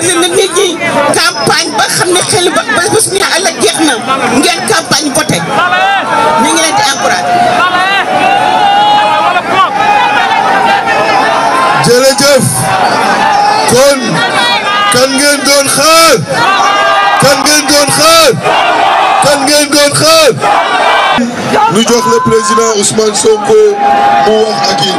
digle na nit ñi campagne ba xam ne xel ba ba bés bu ñu àll jeex na ngeen campagne voté ñu ngi leen di encouragé. jërëjëf kon kan ngeen doon xaar kan ngeen doon xaar kan ngeen doon xaar. ñu jox le président Ousmane Sonko mu wax ak yéen.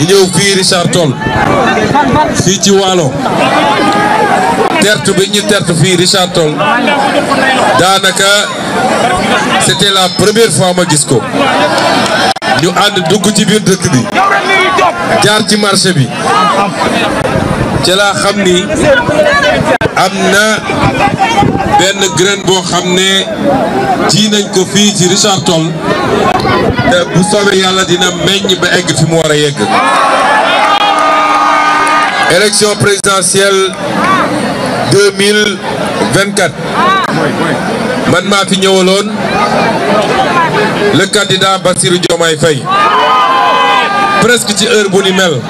ñu ñëw fii ci Waalo tertu bi la première fois ma gis ko ñu ànd dugg ci biir dëkk bi jaar ci marché bi ca ni am na graine boo xam ne ji nañ ko fii ci Richard Toll te bu soobee yàlla dina meññ ba egg fi mu war yegg élection présidentielle 2024 man maa fi ñëwaloon le candidat Bassirou Diomaye Faye presque ci heure bu ni mel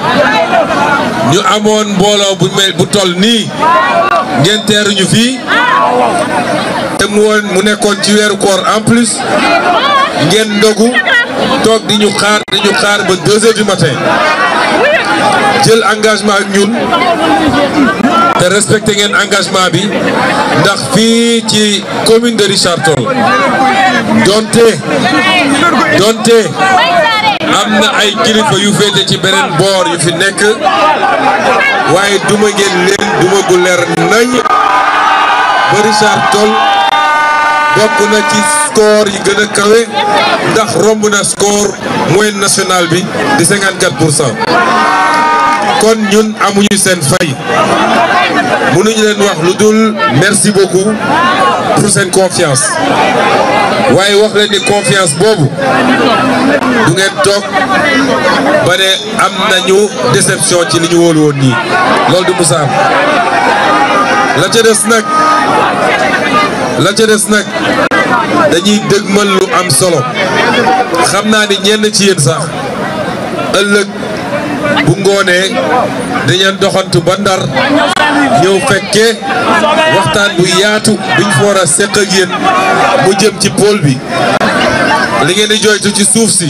ñu amoon mbooloo bu mel bu toll nii ngeen teeruñu fii te mu mu nekkoon ci weeru koor en plus ngeen ndogu toog di ñu xaar di ñu xaar ba deux heures du matin jël engagement ak ñun te respecté ngeen engagement bi ndax fii ci commune de Richard Toll donte. am na ay kilifa yu féete ci beneen boor yu fi nekk waaye duma ngeen leen duma gu leer nañ ba Richard Toll na ci score yi gën kawe ndax romb na score moyenne nationale bi di 54 pour cent kon ñun amuñu seen fay mënuñu leen wax lu seen confiance waaye wax leen confiance boobu du ngeen toog ba ne am nañu déception ci li ñu wóolu woon nii loolu du musaam la ca des nag la ca des nag dañuy dëgmal lu am solo xam naa ni ñenn ci yéen sax ëllëg bu ngoonee dañeen doxantu ba ndar ñëw fekkee waxtaan bu yaatu biñ foora seq ak yéen mu jëm ci pôle bi li ngeen di joytu ci suuf si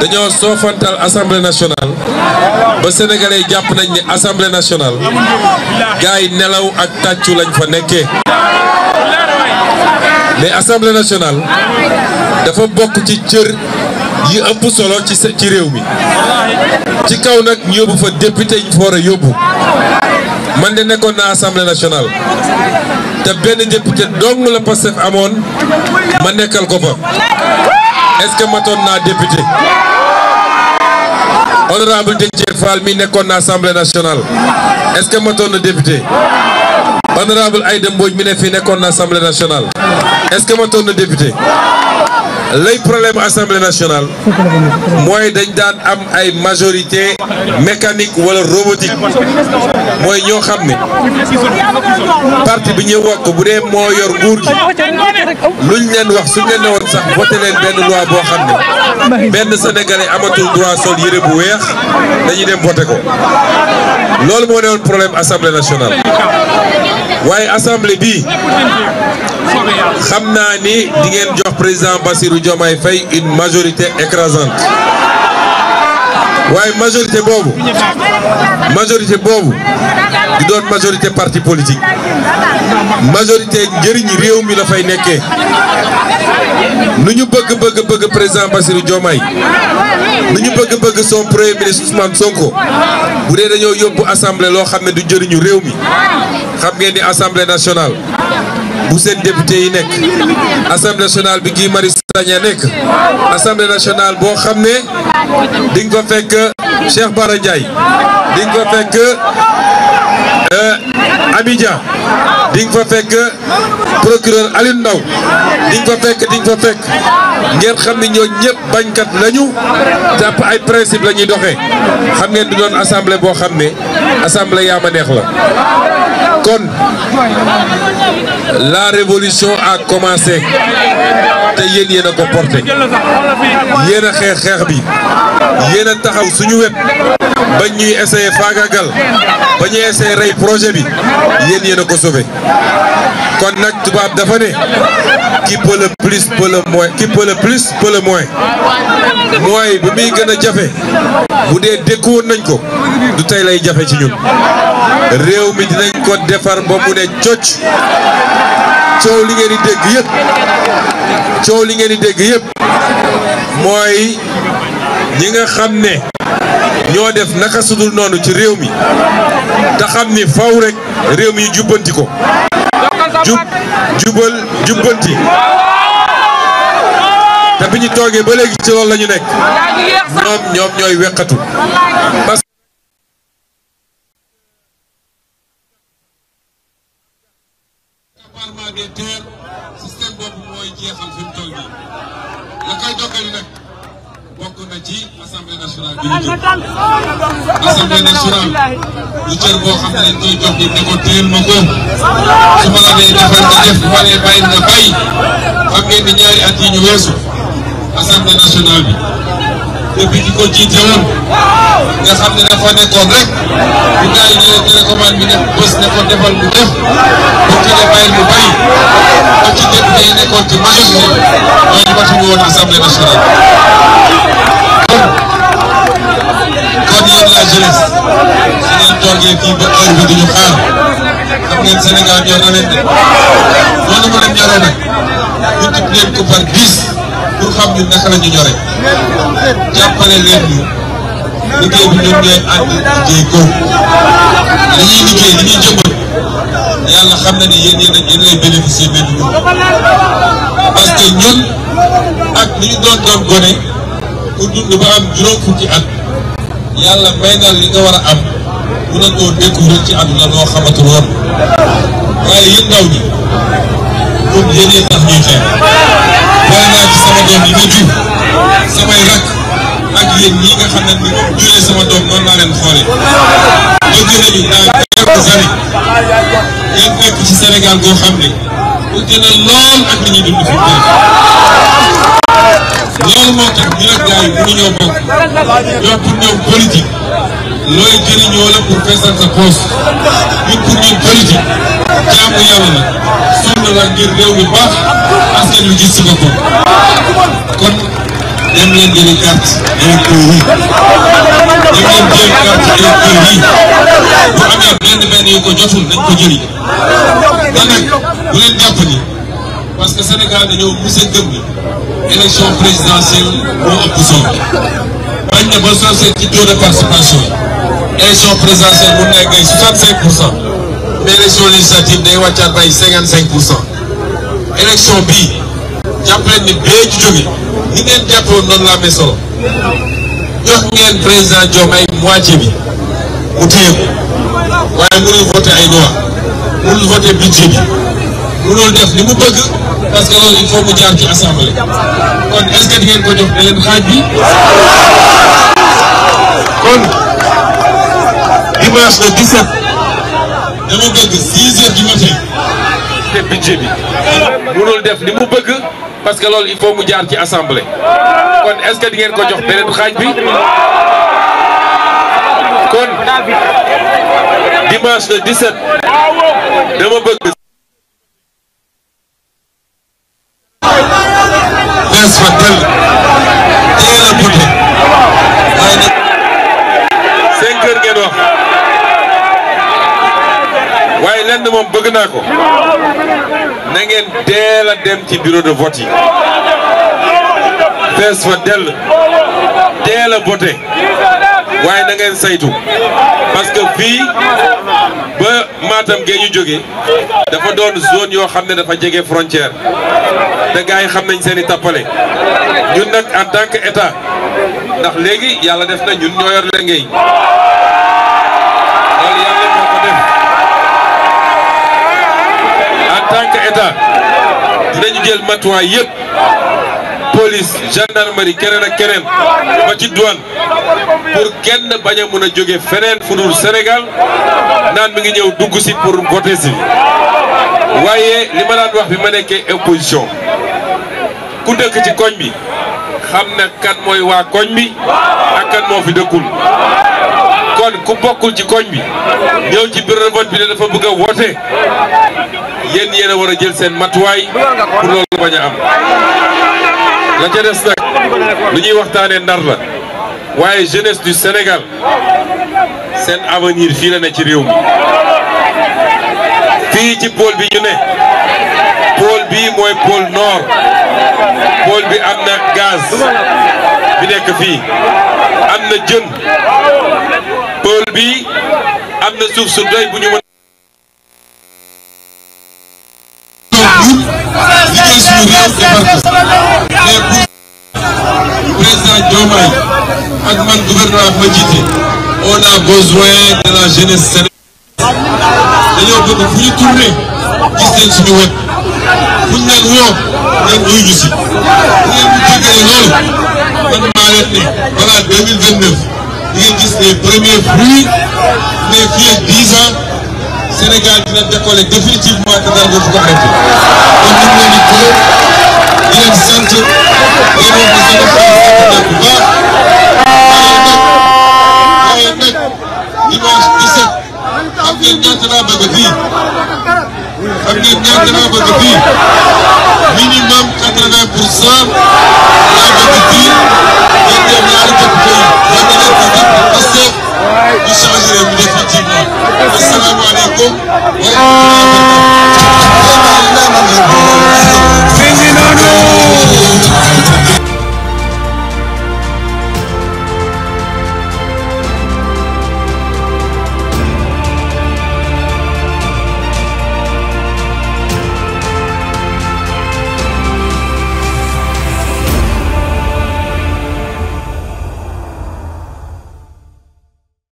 dañoo soofantal assemblée nationale ba sénégalais jàpp nañ ne assemblée nationale gars yi nelaw ak tàccu lañ fa nekkee mais assemblée nationale dafa bokk ci cër yi ëpp solo ci ci réew mi ci kaw nag ñu yóbbu fa député ñu yóbbu man de nekkoon naa assemblée nationale te benn député dong la Pastef amoon ma nekkal ko fa. est-ce que matoon naa député honorable DJ Fall mi n'est l'Assemblée assemblée nationale est-ce que on a député honorable Aïdem Boy, mi ne fii l'Assemblée assemblée nationale est-ce que matoon na député Les problème assemblée nationale Moi, je suis majorité mécanique ou robotique mooy ñoo xam ne parti bi ñu wokk bu dee moo yor nguur gi luñ leen wax suñ leen ne woon sax voté leen benn loi boo xam ne benn sénégalais amatul droit sol yére bu weex dañuy dem voté ko loolu moo ne woon problème assemblée nationale waaye assemblée bi xam naa ni di ngeen jox président Bassirou Diomaye Faye une majorité écrasante waaye majorité boobu majorité boobu di doon majorité parti politique majorité njëriñ réew mi la fay nekkee nu ñu bëgg bëgg bëgg président Bassirou Diomaye nu ñu bëgg bëgg son premier ministre Ousmane Sonko bu dee dañoo yóbbu assemblée loo xam ne du jëriñu réew mi xam ngeen di assemblée nationale. bu seen député yi nekk assemblée nationale bi Guy Marius Sagna nekk assemblée nationale boo xam ne di nga fa fekk Cheikh Bara Ndiaye di nga fa fekk euh, Abidjan di nga fa fekk procureur Alioune Ndao di nga fa fekk di nga fa fekk ngeen xam ne ñoo ñëpp bañkat lañu jàpp ay principe la ñuy doxee xam ngeen di doon assemblée boo xam ne assemblée yaa ma neex la kon la révolution a commencé te yéen yéen a ko porté a xeex xeex bi yéen taxaw suñu wet bañ ñuy essayé faagagal ba ñuy essayé rey projet bi yéen yéen a ko kon nag tubaab dafa ne qui peut plus peut le moins qui peut plus peut le moins mooy bi muy gën jafe bu dee dékkuwoon nañ ko du tey lay jafe ci ñun. réew mi dinañ ko defar ba mu ne cocc coow li ngeen di dégg yëpp coow li ngeen di dégg yëpp mooy ñi nga xam ñoo def naka sudul noonu ci réew mi te xam ni rek réew mi ñu ko jub jubal jubbanti te bi ñu toogee ba léegi ci loolu la ñu nekk ñoom ñoom ñooy ngeen teel mooy jeexal fi mu toll nii la koy dogali nag bokk na ci assemblée nationale bi ñu jëm assemblée ko teel ma ko su ma la nee defal nga def bu ma nee bàyyi xam ngeen ni ñaari at yi ñu weesu assemblée nationale depuis di ko jiite woon nga xam ne dafa nekkoon rek bu gars yi ñëwee télécommande bi def bés ne ko defal bu def bu télé bayil bu bay ba ci député yi nekkoon ci majorité ñooñu batuñu woon assemblée nationale. kon yéen la jeunesse su ngeen toogee fii ba heure bi du ñu xaar xam ngeen Sénégal ñoo na leen de noonu mu dem ñoroo nag ñu tibb leen ko par 10. pour xam ñu naka la ñu jàppale leen ñu liggéey bi ñoom ñooy yàlla xam na ni yéen yéen a yéen lay bénéficier benn dugub ñun ak li ñu gone pour dund ba am juróom fukki at yàlla may na li nga war a am mun a koo découvrir ci àdduna loo xamatul woon waaye yéen ndaw ñi ñun yéen ñi ñuy xeex. sama doom yi ma jur samay rak ak yéen ñi nga xam ne ni juree sama doom noonu laa leen xoolee. bëgg nañu dans quelques années ngeen nekk ci Sénégal goo xam ne wute na lool ak li ñuy dund fi mu loolu moo tax ñu ne gars yi mënuñoo bokk ñoom pour ñoom politique looy jëriñoo la pour feesal sa poche ñun pour ñoom politique jaamu yàlla la sonn la ngir réew mi baax askan wi gis ci boppam. dem leen jëli carte électeur dem leen jëli carte électeur yi bu amee benn benn ko jëli te nag bu ni parce que Sénégal dañoo mus a gëm ni élection présidentielle moo ëpp solo bañ ci taux de participation yi élection bu nekk ay 65 pour cent mais élection législative day wàccaat ay 55 pour jàpp leen ni bee ci jóge ni ngeen jàppoon noonu la jox ngeen président Diomaye moitié bi mu téye ko waaye mënul voté ay loi mënul voté budget bi mënul def li mu bëgg parce que loolu il mu jaar ci assemblée kon est ngeen ko jox ne xaaj bi kon dimanche le 17 dama bëgg 6 heures du matin voté budget bi mënul def li mu bëgg parce que loolu il faut mu jaar ci assemblée kon est-ce que di ngeen ko jox beneen xaaj bi kon dimanche le 17 dama bëgg. fees fa tël teel a na ngeen teel dem ci bureau de vote yi fees fa dell teel a voté waaye na saytu parce que fii ba Matam gee ñu jóge dafa doon zone yoo xam ne dafa jege frontière te gars yi xam nañ seeni i tappale ñun nag en tant que ndax léegi yàlla def na ñun ñoo yor liggéey nañu jël matuwaay yëpp police gendarmerie keneen ak keneen ba ci douane pour kenn bañ a jóge feneen fu dul Sénégal naan mi ngi ñëw dugg si pour voter si waaye li ma daan wax bi ma nekkee opposition ku dëkk ci koñ bi xam ne kan mooy waa koñ bi ak kan moo fi dëkkul kon ku bokkul ci koñ bi ñëw ci bureau bi ne dafa bëgg a yéen yéen a war a jël seen matuwaay pour loolu bañ a am la des nag lu ñuy waxtaanee ndar la waaye jeunesse du Sénégal seen avenir fii la ne ci réew mi fii ci pôle bi ñu ne pôle bii mooy pôle nord pôle bi am na gaz bi nekk fii am na jën pôle bi am na suuf su bu ñu mën président Diomaye ak man gouvernement ma jiite on a besoin de la jeunesse sénégalaise dañoo bëgg fu ñu tourné gis leen suñu wet fu ñu leen woo ngeen wuyu ñu si ngeen bu jégale loolu man maa leen ne balaa 2029 di ngeen gis les premiers Sénégal dina décoller définitivement te dara dootu ko arrêté kon ñu ngi leen di gërëm di leen sant di leen wax ne seen président bu baax waaye nag dimanche 17 xam ngeen ñaata laa bëgg fii xam ngeen ñaata laa bëgg fii minimum 80 pour cent laa bëgg fii